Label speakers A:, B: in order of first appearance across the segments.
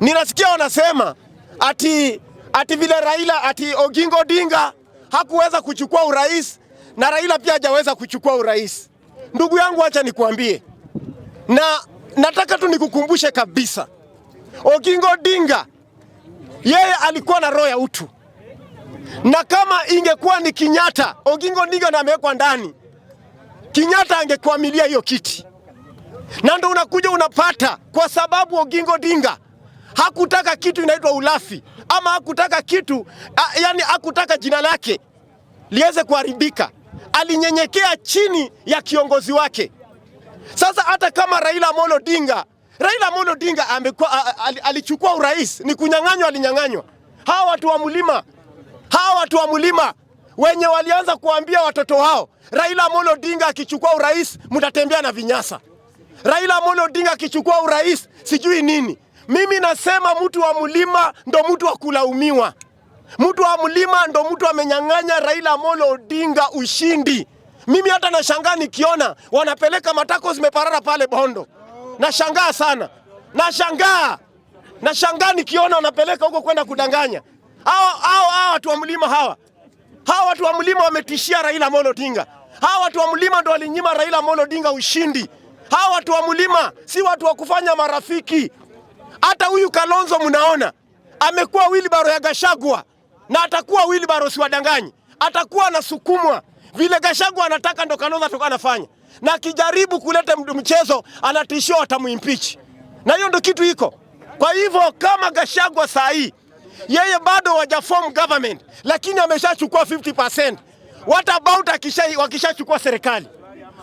A: Ninasikia wanasema ati, ati vile Raila ati Oginga dinga hakuweza kuchukua urais na Raila pia hajaweza kuchukua urais. Ndugu yangu, acha nikuambie, na nataka tu nikukumbushe kabisa, Oginga dinga yeye alikuwa na roho ya utu, na kama ingekuwa ni Kinyatta, Ogingo Dinga na amewekwa ndani, Kinyatta angekwamilia hiyo kiti, na ndo unakuja unapata kwa sababu Ogingo Dinga hakutaka kitu inaitwa ulafi ama hakutaka kitu a, yani hakutaka jina lake liweze kuharibika. Alinyenyekea chini ya kiongozi wake. Sasa hata kama Raila Amolo Odinga, Raila Amolo Odinga amekuwa alichukua urais, ni kunyang'anywa, alinyang'anywa. Hawa watu wa mlima, hawa watu wa mlima wenye walianza kuambia watoto wao Raila Amolo Odinga akichukua urais mtatembea na vinyasa, Raila Amolo Odinga akichukua urais sijui nini. Mimi nasema mtu wa mlima ndo mtu wa kulaumiwa. Mtu wa mlima ndo mtu amenyang'anya Raila Amolo Odinga ushindi. Mimi hata nashangaa nikiona wanapeleka matako zimeparara pale Bondo, nashangaa sana, nashangaa, nashangaa nikiona wanapeleka huko kwenda kudanganya. Hao watu wa mlima hawa, hawa watu wa mlima wametishia Raila Amolo Odinga. Hawa watu wa mlima ndo walinyima Raila Amolo Odinga ushindi. Hawa watu wa mlima si watu wa kufanya marafiki. Hata huyu Kalonzo mnaona amekuwa wilibaro ya Gashagwa na atakuwa wilibaro siwadanganyi, atakuwa anasukumwa vile Gashagwa anataka, ndo Kalonzo atakuwa anafanya, na akijaribu kuleta mchezo anatishiwa watamuimpeach, na hiyo ndo kitu iko. Kwa hivyo kama Gashagwa saa hii yeye bado form government, lakini ameshachukua 50%. What about akisha wakishachukua serikali?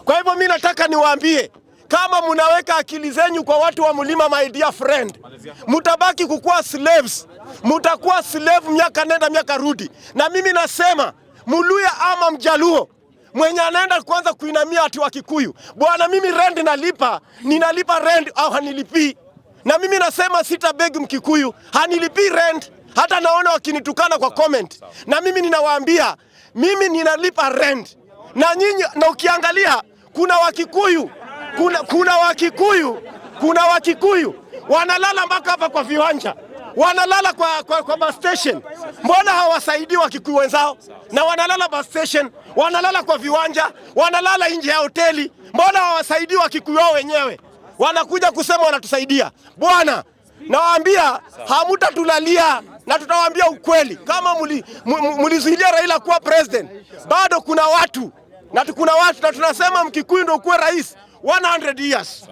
A: Kwa hivyo mimi nataka niwaambie kama munaweka akili zenyu kwa watu wa mlima, my dear friend, mutabaki kukuwa slaves, mutakuwa slave miaka nenda miaka rudi. Na mimi nasema Muluya ama Mjaluo mwenye anaenda kwanza kuinamia ati wa Kikuyu, bwana, mimi rent nalipa, ninalipa rent au hanilipi? Na mimi nasema sitabegi Mkikuyu, hanilipi rent hata naona wakinitukana kwa comment, na mimi ninawaambia mimi ninalipa rent na nyinyi, na ukiangalia kuna Wakikuyu kuna, kuna Wakikuyu kuna Wakikuyu wanalala mpaka hapa kwa viwanja wanalala kwa, kwa, kwa bus station. Mbona hawasaidii Wakikuyu wenzao? Na wanalala bus station, wanalala kwa viwanja, wanalala nje ya hoteli. Mbona hawasaidii Wakikuyu wao wenyewe? Wanakuja kusema wanatusaidia. Bwana, nawaambia hamutatulalia na tutawaambia ukweli. Kama mlizuilia Raila kuwa president, bado kuna watu na kuna watu na tunasema Mkikuyu ndio kuwa rais 100 years.